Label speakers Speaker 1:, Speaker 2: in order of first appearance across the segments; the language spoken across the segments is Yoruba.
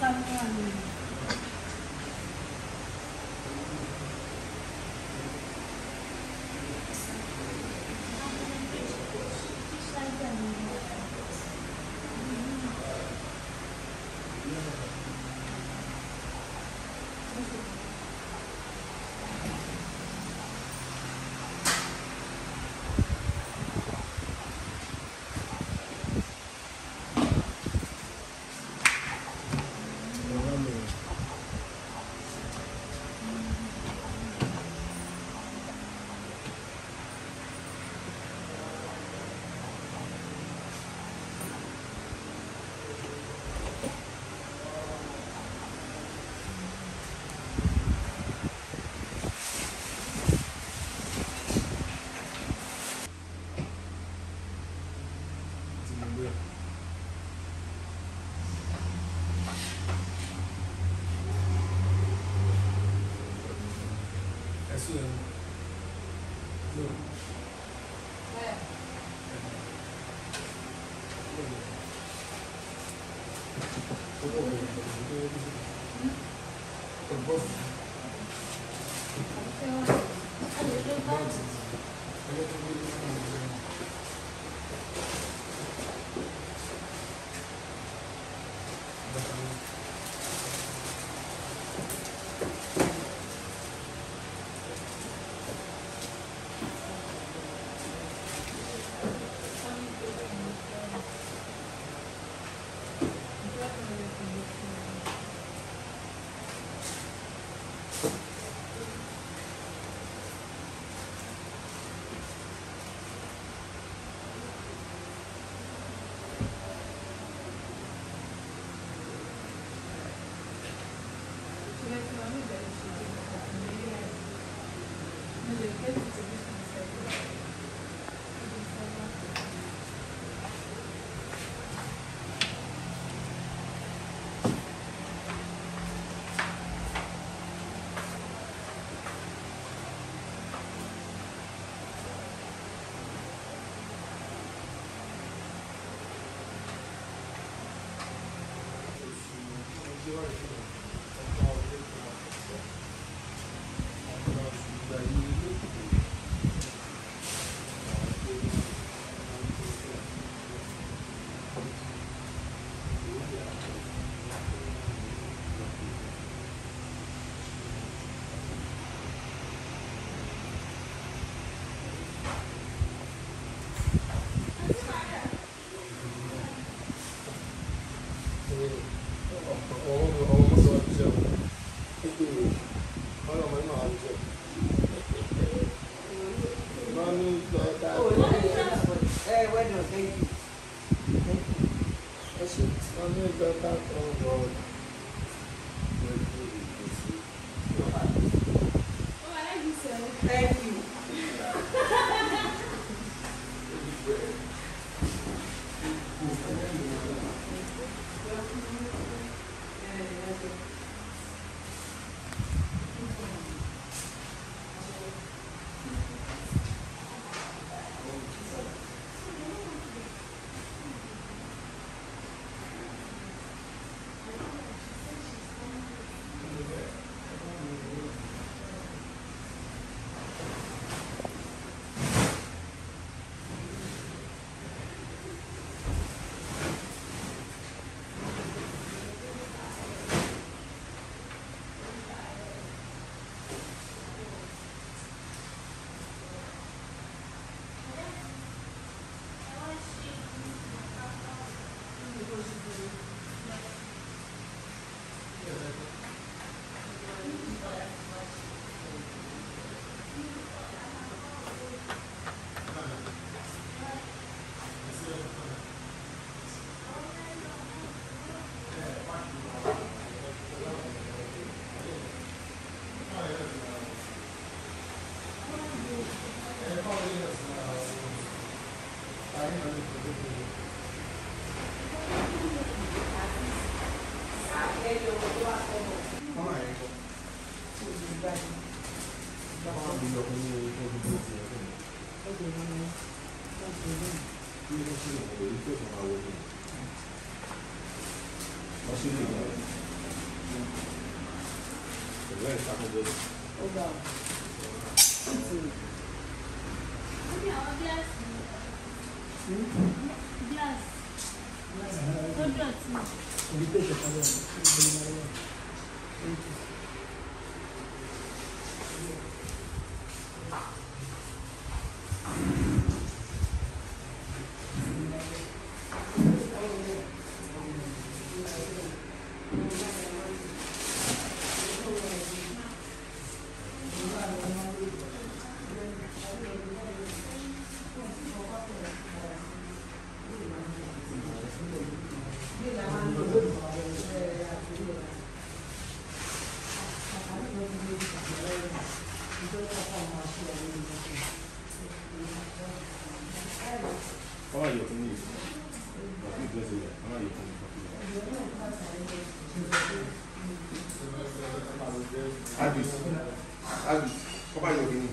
Speaker 1: 三万。是啊，对，对。嗯，等会。好，再见。哎，刘老板。Thank you. Obrigado. Biraz. Biraz. Biraz. Biraz. Biraz. Biraz. Biraz. Biraz. Abis, abis, kọ́bá yọ̀ bínú,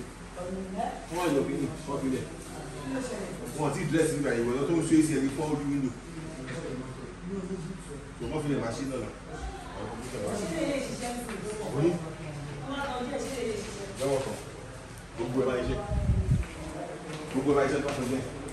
Speaker 1: wọ́n yọ̀ bínú, wọ́n fi lẹ̀. Wọ́n ti dírẹ́sì nígbà ìwọ̀ tó ń ṣe é sí ẹni fọ́ orí wíńdò. Kò mọ́ fi lẹ̀ máa ṣí lọ́la. Oní. Lọ́wọ́ kan, gbogbo ẹ̀ máa iṣẹ́. Gbogbo ẹ̀ máa iṣẹ́ tó ń sọ bẹ́ẹ̀.